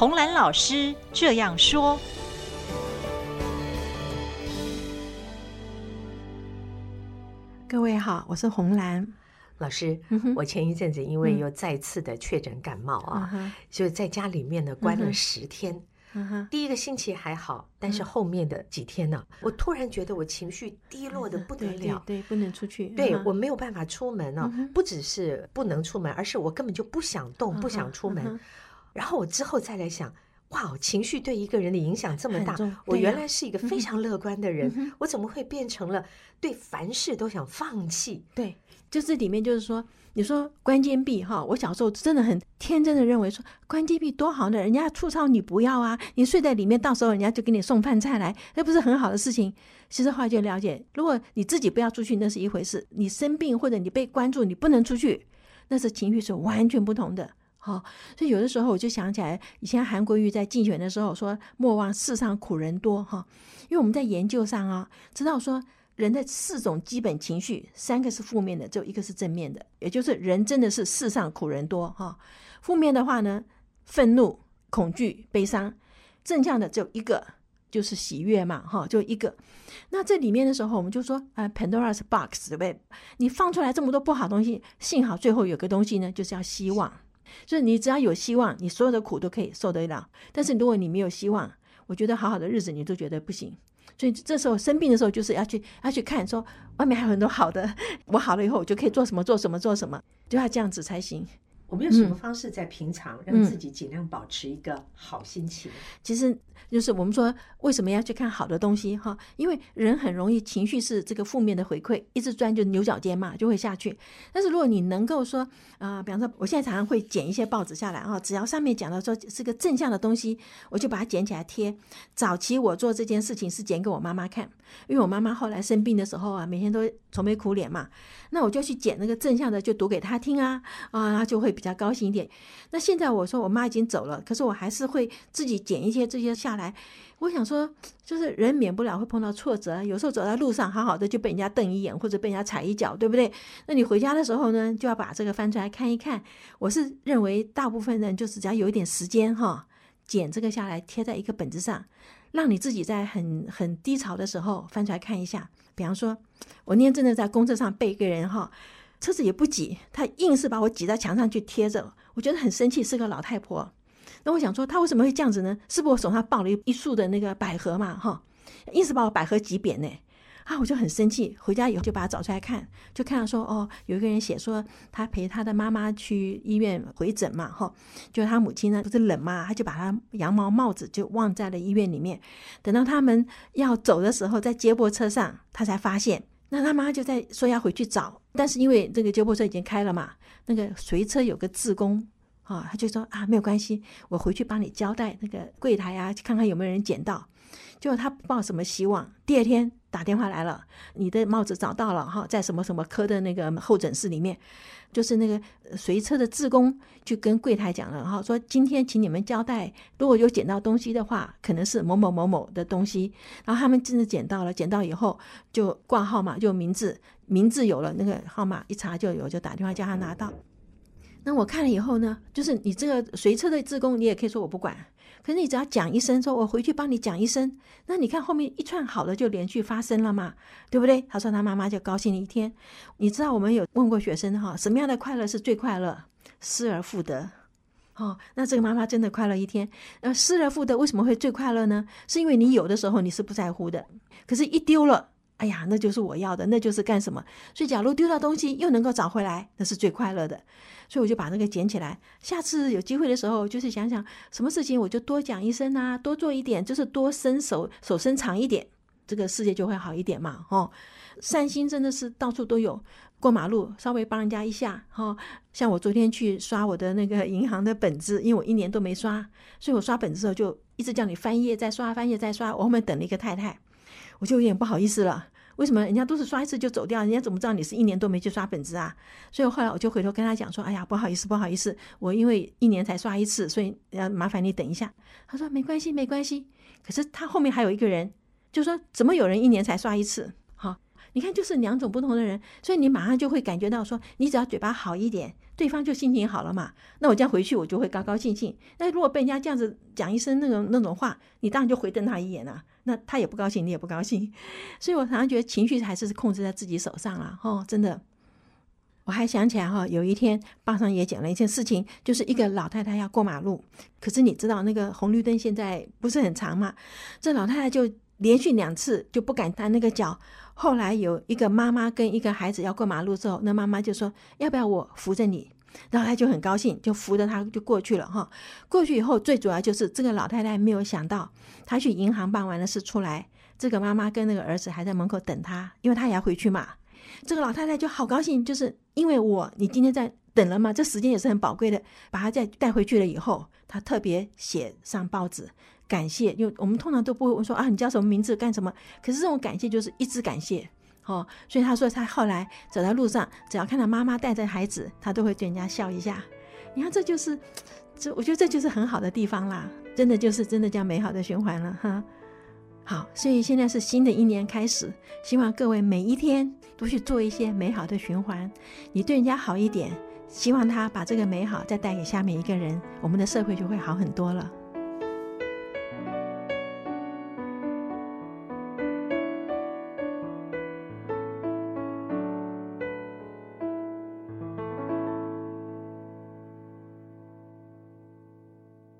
洪蘭老師這樣說：“各位好，我是洪蘭老師。我前一陣子因為又再次的確診感冒啊，就在家裡面呢關了十天。第一個星期還好，但是後面的幾天呢，我突然覺得我情緒低落的不得了。對，不能出去。對，我沒有辦法出門啊，不只是不能出門，而是我根本就不想動，不想出門。”然後我之後再來想，哇，情緒對一個人的影響這麼大。啊、我原來是一個非常樂觀的人，嗯嗯、我怎麼會變成了對凡事都想放棄？對，就這裡面就是說，你說關禁閉哈，我小時候真的很天真的認為說關禁閉多好呢，人家出操你不要啊，你睡在裡面，到時候人家就給你送飯菜來，那不是很好的事情。其實後來就了解，如果你自己不要出去那是一回事，你生病或者你被關注你不能出去，那是情緒是完全不同的。好、哦，所以有的時候我就想起來，以前韓國瑜在競選的時候說：“莫忘世上苦人多。哦”哈，因為我們在研究上啊，知道說人的四種基本情緒，三個是負面的，只有一個是正面的，也就是人真的是世上苦人多。哈、哦，負面的話呢，憤怒、恐懼、悲傷，正向的只有一個，就是喜悅嘛。哈、哦，就一個。那這裡面的時候，我們就說啊、uh，Pandora's Box，對不對？你放出來這麼多不好東西，幸好最後有個東西呢，就是要希望。所以你只要有希望，你所有的苦都可以受得了。但是如果你沒有希望，我覺得好好的日子你都覺得不行。所以這時候生病的時候，就是要去要去看說外面還有很多好的。我好了以後，我就可以做什麼做什麼做什麼，就要這樣子才行。我們用什麼方式在平常讓自己儘量保持一個好心情？嗯嗯、其實就是我們說，為什麼要去看好的東西哈，因為人很容易情緒是這個負面的回饋，一直鑽就牛角尖嘛，就會下去。但是如果你能夠說啊、呃，比方說我現在常常會剪一些報紙下來啊，只要上面講到說是個正向的東西，我就把它剪起來貼。早期我做這件事情是剪給我媽媽看，因為我媽媽後來生病的時候啊，每天都愁眉苦臉嘛，那我就去剪那個正向的，就讀給她聽啊啊，她就會。比較高興一點。那現在我說我媽已經走了，可是我還是會自己剪一些這些下來。我想說，就是人免不了會碰到挫折，有時候走在路上好好的就被人家瞪一眼，或者被人家踩一腳，對不對？那你回家的時候呢，就要把這個翻出來看一看。我是認為大部分人就是只要有一點時間哈，剪這個下來貼在一個本子上，讓你自己在很很低潮的時候翻出來看一下。比方說我那天真的在公車上被一個人哈。車子也不擠，他硬是把我擠在牆上去貼着，我覺得很生氣，是個老太婆。那我想說，他為什麼會這樣子呢？是不是我手上抱了一束的那個百合嘛？哈、哦，硬是把我百合擠扁呢。啊，我就很生氣。回家以後就把它找出來看，就看到說，哦，有一個人寫說，他陪他的媽媽去醫院回診嘛，哈、哦，就他母親呢，不是冷嘛，他就把他羊毛帽子就忘在了醫院裡面。等到他們要走的時候，在接駁車上，他才發現。那他媽就在說要回去找，但是因為那個救護車已經開了嘛，那個隨車有個志工啊，他就說啊，沒有關係，我回去幫你交代那個櫃台啊，看看有沒有人撿到。就他不抱什麼希望，第二天打電話來了，你的帽子找到了哈，在什麼什麼科的那個候診室裡面，就是那個隨車的志工去跟櫃檯講了，然後說今天請你們交代，如果有撿到東西的話，可能是某某某某的東西，然後他們真的撿到了，撿到以後就掛號碼就名字，名字有了那個號碼一查就有，就打電話叫他拿到。那我看了以後呢，就是你這個隨車的志工，你也可以說我不管，可是你只要講一聲，說我回去幫你講一聲，那你看後面一串好的，就連續發生了嘛，對不對？他說他媽媽就高興了一天。你知道我們有問過學生哈，什麼樣的快樂是最快樂？失而復得，哦，那這個媽媽真的快樂一天。那失而復得為什麼會最快樂呢？是因為你有的時候你是不在乎的，可是一丟了。哎呀，那就是我要的，那就是幹什麼？所以，假如丟掉東西又能夠找回來，那是最快樂的。所以我就把那個撿起來。下次有機會的時候，就是想想什麼事情，我就多講一聲啊，多做一點，就是多伸手，手伸長一點，這個世界就會好一點嘛。哦，善心真的是到處都有。過馬路稍微幫人家一下，哈、哦。像我昨天去刷我的那個銀行的本子，因為我一年都沒刷，所以我刷本子的時候就一直叫你翻頁再刷，翻頁再刷。我後面等了一個太太，我就有點不好意思了，為什麼人家都是刷一次就走掉，人家怎麼知道你是一年都沒去刷本子啊？所以後來我就回頭跟他講說：“哎呀，不好意思，不好意思，我因為一年才刷一次，所以要麻煩你等一下。”他說：“沒關係，沒關係。”可是他後面還有一個人，就說：“怎麼有人一年才刷一次？”哈，你看就是兩種不同的人，所以你馬上就會感覺到說，你只要嘴巴好一點，對方就心情好了嘛。那我這樣回去我就會高高興興。那如果被人家這樣子講一聲那種那種話，你當然就回瞪他一眼了。那他也不高興，你也不高興，所以我常常覺得情緒還是控制在自己手上了、啊、哦，真的，我還想起來哈、哦，有一天巴桑也講了一件事情，就是一個老太太要過馬路，可是你知道那個紅綠燈現在不是很長嘛？這老太太就連續兩次就不敢踏那個腳，後來有一個媽媽跟一個孩子要過馬路之後，那媽媽就說：“要不要我扶着你？”然後他就很高興，就扶着他就過去了哈。過去以後，最主要就是這個老太太沒有想到，她去銀行辦完了事出來，這個媽媽跟那個兒子還在門口等她，因為她也要回去嘛。這個老太太就好高興，就是因為我你今天在等了嘛，這時間也是很寶貴的。把她再帶回去了以後，她特別寫上報紙感謝，就我們通常都不會說啊，你叫什麼名字幹什麼？可是這種感謝就是一直感謝。哦，所以他說他後來走在路上，只要看到媽媽帶着孩子，他都會對人家笑一下。你看，這就是，這我覺得這就是很好的地方啦，真的就是真的叫美好的循環了哈。好，所以現在是新的一年開始，希望各位每一天都去做一些美好的循環，你對人家好一點，希望他把這個美好再帶給下面一個人，我們的社會就會好很多了。